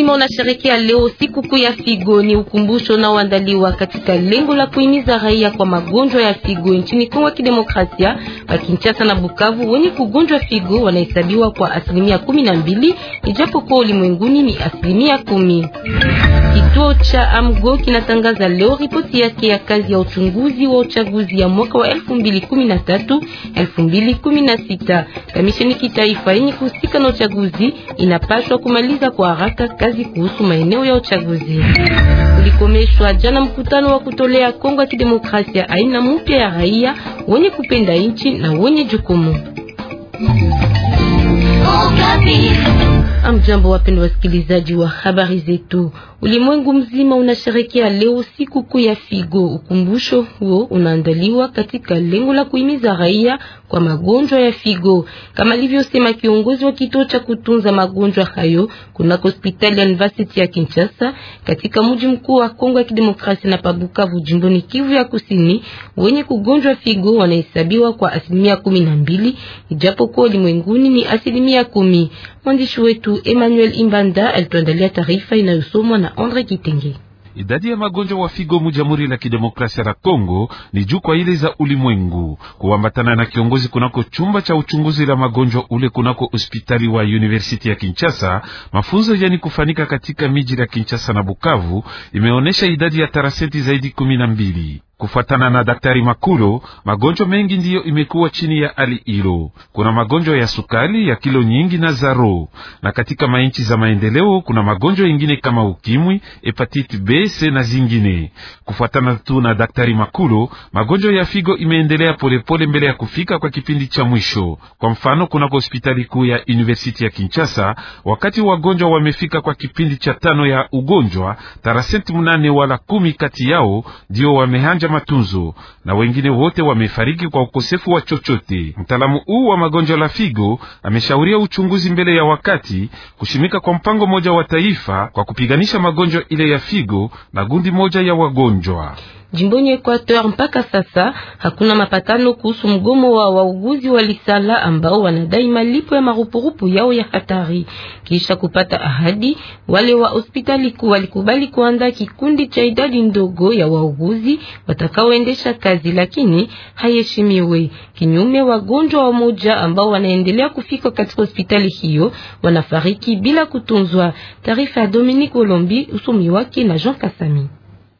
mzima unasherekea leo kuu ya figo. Ni ukumbusho unaoandaliwa katika lengo la kuhimiza raia kwa magonjwa ya figo nchini Kongo ya Kidemokrasia. Wakinshasa na Bukavu wenye kugonjwa figo wanahesabiwa kwa asilimia kumi na mbili ijapokuwa ulimwenguni ni asilimia kumi. Kituo cha Amgo kinatangaza leo ripoti yake ya kazi ya uchunguzi wa uchaguzi ya mwaka wa 2013 2016. Kamisheni kitaifa yenye kuhusika na uchaguzi inapaswa kumaliza kwa haraka kazi kuhusu maeneo ya uchaguzi. Ulikomeshwa jana mkutano wa kutolea Kongo ya Kidemokrasia aina mpya ya raia wenye kupenda nchi na wenye jukumu. Amjambo, wapendwa wasikilizaji wa habari zetu. Ulimwengu mzima unasherekea leo siku kuu ya figo. Ukumbusho huo unaandaliwa katika lengo la kuhimiza raia kwa magonjwa ya figo, kama alivyosema kiongozi wa kituo cha kutunza magonjwa hayo kuna hospitali ya University ya Kinshasa katika mji mkuu wa Kongo ya Kidemokrasia na Pabukavu, jimboni Kivu ya Kusini. Wenye kugonjwa figo wanahesabiwa kwa asilimia kumi na mbili ijapokuwa ulimwenguni ni asilimia kumi. Mwandishi wetu wetu Emmanuel Imbanda alituandalia taarifa inayosomwa na Andre Kitenge. Idadi ya magonjwa wa figo mu Jamhuri la Kidemokrasia la Kongo ni juu kwa ile za ulimwengu, kuambatana na kiongozi kunako chumba cha uchunguzi la magonjwa ule kunako hospitali wa University ya Kinshasa. Mafunzo yani kufanika katika miji ya Kinshasa na Bukavu imeonesha idadi ya tarasenti zaidi kumi na mbili. Kufuatana na Daktari Makulo, magonjwa mengi ndiyo imekuwa chini ya hali hilo. Kuna magonjwa ya sukali ya kilo nyingi na zaro, na katika mainchi za maendeleo kuna magonjwa yengine kama ukimwi, hepatiti B, C na zingine. Kufuatana tu na Daktari Makulo, magonjwa ya figo imeendelea polepole mbele ya kufika kwa kipindi cha mwisho. Kwa mfano, kunako hospitali kuu ya University ya Kinshasa, wakati wagonjwa wamefika kwa kipindi cha tano ya ugonjwa, tarasenti mnane wala kumi kati yao ndio wamehanja matunzo, na wengine wote wamefariki kwa ukosefu wa chochote. Mtaalamu huu wa magonjwa la figo ameshauria uchunguzi mbele ya wakati, kushimika kwa mpango moja wa taifa kwa kupiganisha magonjwa ile ya figo na gundi moja ya wagonjwa. Jimboni Equateur mpaka sasa hakuna mapatano kuhusu mgomo wa wauguzi wa Lisala ambao wanadai malipo ya marupurupu yao ya hatari. Kisha kupata ahadi, wale wa hospitali kuu walikubali kuanda kikundi cha idadi ndogo ya wauguzi watakaoendesha kazi, lakini haiheshimiwe. Kinyume, wagonjwa wa moja ambao wanaendelea kufika katika hospitali hiyo wanafariki bila kutunzwa. Taarifa ya Dominique Olombi, usomi wake na Jean Kasami.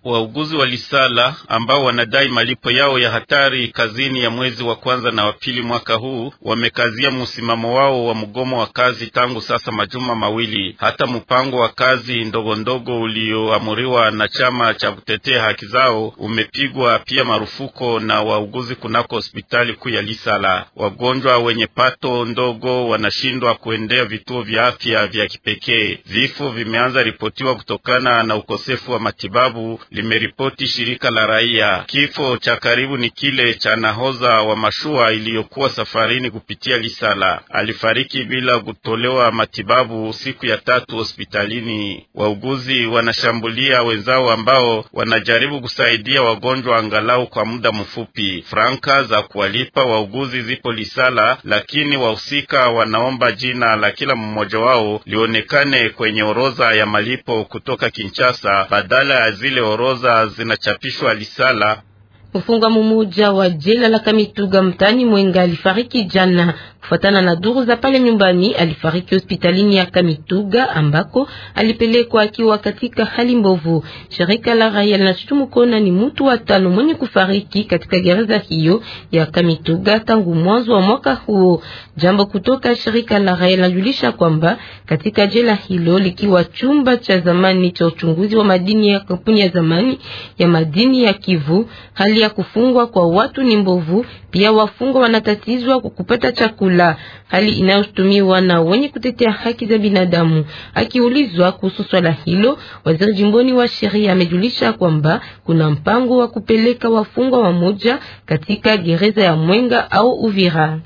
Wauguzi wa Lisala ambao wanadai malipo yao ya hatari kazini ya mwezi wa kwanza na wa pili mwaka huu wamekazia msimamo wao wa mgomo wa kazi tangu sasa majuma mawili. Hata mpango wa kazi ndogo ndogo ulioamuriwa na chama cha kutetea haki zao umepigwa pia marufuko na wauguzi kunako hospitali kuu ya Lisala. Wagonjwa wenye pato ndogo wanashindwa kuendea vituo vya afya vya kipekee. Vifo vimeanza ripotiwa kutokana na ukosefu wa matibabu limeripoti shirika la raia. Kifo cha karibu ni kile cha nahoza wa mashua iliyokuwa safarini kupitia Lisala. Alifariki bila kutolewa matibabu siku ya tatu hospitalini. Wauguzi wanashambulia wenzao ambao wanajaribu kusaidia wagonjwa angalau kwa muda mfupi. Franka za kuwalipa wauguzi zipo Lisala, lakini wahusika wanaomba jina la kila mmoja wao lionekane kwenye orodha ya malipo kutoka Kinshasa badala ya zile orodha zinachapishwa lisala Mfungwa mmoja wa jela la Kamituga mtani Mwenga alifariki jana. Kufatana na duru za pale nyumbani, alifariki hospitalini ya Kamituga ambako alipelekwa akiwa katika hali mbovu. Shirika la raia linashutumu kuona ni mtu wa tano mwenye kufariki katika gereza hiyo ya Kamituga tangu mwanzo wa mwaka huo. Jambo kutoka shirika la raia linajulisha kwamba katika jela hilo likiwa chumba cha zamani cha uchunguzi wa madini ya kampuni ya zamani ya madini ya Kivu hali ya kufungwa kwa watu ni mbovu. Pia wafungwa wanatatizwa kwa kupata chakula, hali inayotumiwa na wenye kutetea haki za binadamu. Akiulizwa kuhusu swala hilo, waziri jimboni wa sheria amejulisha kwamba kuna mpango wa kupeleka wafungwa wa moja katika gereza ya Mwenga au Uvira.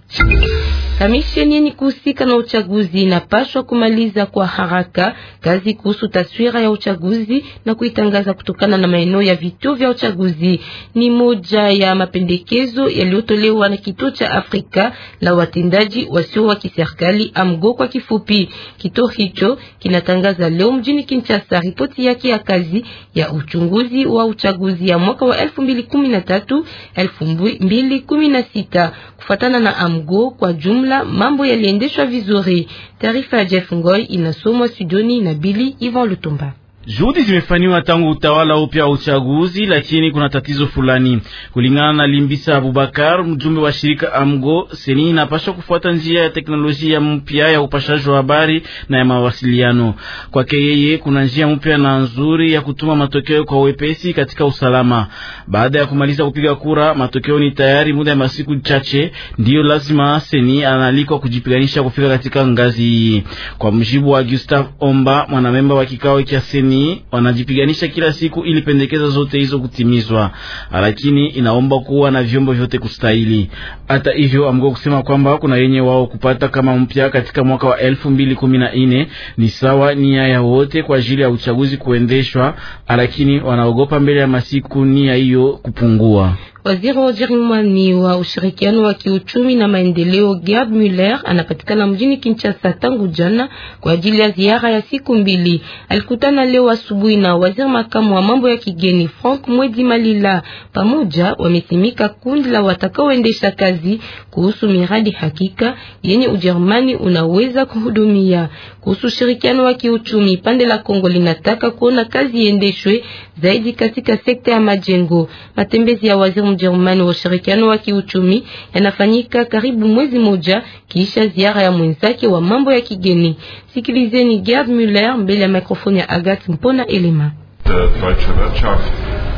Kamisheni yenye kuhusika na uchaguzi inapaswa kumaliza kwa haraka kazi kuhusu taswira ya uchaguzi na kuitangaza kutokana na maeneo ya vituo vya uchaguzi. Ni moja ya mapendekezo yaliyotolewa na kituo cha Afrika la watendaji wasio wa kiserikali AMGO kwa kifupi. Kituo hicho kinatangaza leo mjini Kinshasa ripoti yake ya kazi ya uchunguzi wa uchaguzi ya mwaka wa 2013 2016 kufuatana na AMGO kwa jumla ujumla mambo yaliendeshwa vizuri. Taarifa ya Jeff Ngoi inasomwa studioni na Billy Ivan Lutumba. Juhudi zimefanywa tangu utawala upya wa uchaguzi, lakini kuna tatizo fulani. Kulingana na Limbisa Abubakar, mjumbe wa shirika AMGO, seni inapaswa kufuata njia ya teknolojia mpya ya upashaji wa habari na ya mawasiliano. Kwake yeye, kuna njia mpya na nzuri ya kutuma matokeo kwa wepesi katika usalama. Baada ya kumaliza kupiga kura, matokeo ni tayari muda ya masiku chache. Ndiyo lazima seni analikwa kujipiganisha kufika katika ngazi hii, kwa mjibu wa Gustav Omba, mwanamemba wa kikao cha seni upinzani wanajipiganisha kila siku ili pendekezo zote hizo kutimizwa, lakini inaomba kuwa na vyombo vyote kustahili. Hata hivyo, amgo kusema kwamba kuna yenye wao kupata kama mpya katika mwaka wa 2014 ni sawa nia ya wote kwa ajili ya uchaguzi kuendeshwa, lakini wanaogopa mbele ya masiku nia hiyo kupungua. Waziri Roger Mwani wa ushirikiano wa kiuchumi na maendeleo Gerd Muller anapatikana mjini Kinshasa tangu jana kwa ajili ya ziara ya siku mbili. Alikutana leo asubuhi na waziri makamu wa mambo ya kigeni Frank Mwedi Malila. Pamoja wamesimika kundi la watakaoendesha kazi kuhusu miradi hakika yenye Ujerumani unaweza kuhudumia. Kuhusu ushirikiano wa kiuchumi, pande la Kongo linataka kuona kazi iendeshwe zaidi katika sekta ya majengo. Matembezi ya waziri Mjerumani wa ushirikiano wa kiuchumi yanafanyika karibu mwezi moja kisha ziara ya mwenzake wa mambo ya kigeni. Sikilizeni Gerd Muller mbele ya mikrofoni ya Agathe Mpona Elima.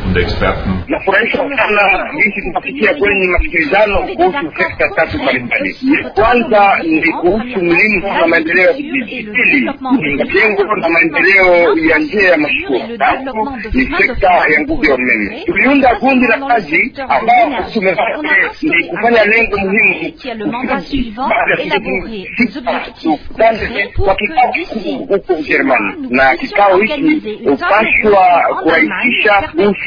Muda Experts. Nafurahishwa sana jinsi tunafikia kwenye masikilizano kuhusu sekta tatu mbalimbali. Kwanza ni kuhusu muhimu sana maendeleo ya vijiji, pili ni majengo na maendeleo ya njia ya mashua, tatu ni sekta ya nguvu ya umeme. Tuliunda kundi la kazi ambao kusudi ni kufanya lengo muhimu kwa kikao kikuu huko Ujerumani, na kikao hiki upashwa kurahisisha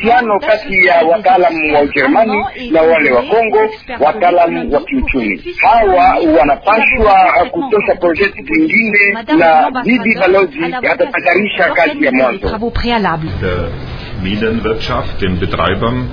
uhusiano kati ya wataalamu wa Ujerumani na wale wa Kongo, wataalamu wa kiuchumi hawa wanapashwa kutosha projekti zingine, na bibi balozi hatatakarisha kazi ya mwanzo. Minenwirtschaft, den Betreibern.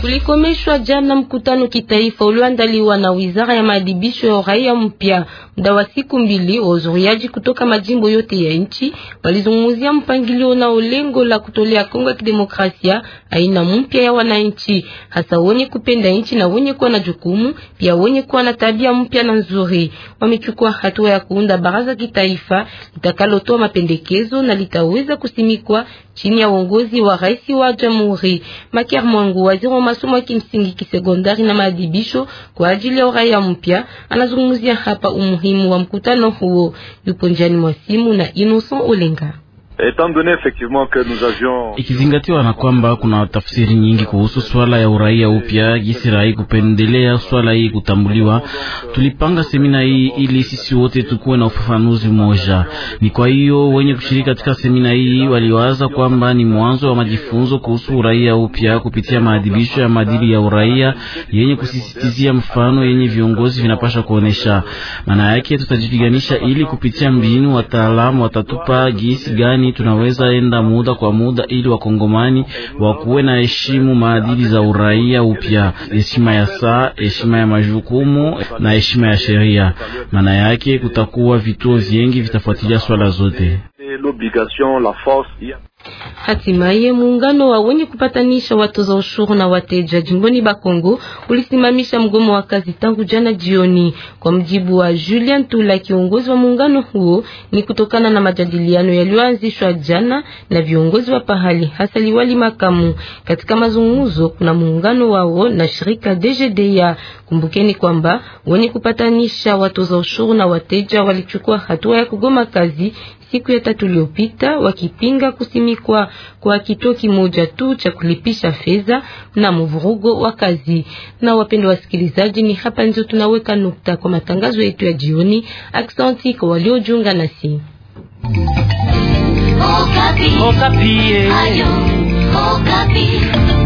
Kulikomeshwa jana mkutano kitaifa ulioandaliwa na Wizara ya Maadibisho ya Raia Mpya. Muda wa siku mbili, wazuriaji kutoka majimbo yote ya nchi walizungumzia mpangilio na lengo la kutolea Kongo ya Kidemokrasia aina mpya ya wananchi, hasa wenye kupenda nchi na wenye kuwa na jukumu, pia wenye kuwa na tabia mpya na nzuri. Wamechukua hatua ya kuunda baraza kitaifa litakalotoa mapendekezo na litaweza kusimikwa chini ya uongozi wa rais wa jamhuri. Maker Mwangu, waziri wa masomo ya kimsingi, kisekondari na maadibisho kwa ajili ya uraia mpya, anazungumzia hapa umuhimu wa mkutano huo. Yupo njiani mwa simu na Innocent Olenga. Etant effectivement que nous avions... Ikizingatiwa na kwamba kuna tafsiri nyingi kuhusu swala ya uraia upya, gisi rai kupendelea swala hii kutambuliwa. Tulipanga semina hii ili sisi wote tukuwe na ufafanuzi mmoja. Ni kwa hiyo wenye kushiriki katika semina hii waliwaza kwamba ni mwanzo wa majifunzo kuhusu uraia upya kupitia maadhibisho ya maadili ya uraia yenye kusisitizia mfano yenye viongozi vinapasha kuonesha. Maana yake tutajipiganisha ili kupitia mbinu, wataalamu watatupa gisi gani gani tunaweza enda muda kwa muda ili wakongomani wakuwe na heshimu maadili za uraia upya, heshima ya saa, heshima ya majukumu na heshima ya sheria. Maana yake kutakuwa vituo vingi vitafuatilia swala zote. Hatimaye muungano wa wenye kupatanisha watoza ushuru na wateja jimboni Bakongo ulisimamisha mgomo wa kazi tangu jana jioni. Kwa mjibu wa Julian Tula, kiongozi wa muungano huo, ni kutokana na majadiliano yaliyoanzishwa jana na viongozi wa pahali, hasa liwali makamu. Katika mazungumzo kuna muungano wao na shirika DGDA. Kumbukeni kwamba wenye kupatanisha watoza ushuru na wateja walichukua hatua ya kugoma kazi siku ya tatu iliyopita wakipinga kusimikwa kwa kituo kimoja tu cha kulipisha fedha na mvurugo wa kazi. Na wapendwa wasikilizaji, ni hapa ndio tunaweka nukta kwa matangazo yetu ya jioni. Aksanti kwa waliojiunga nasi Okapi. Oh, Okapi. Oh, Ayo, Okapi. Oh,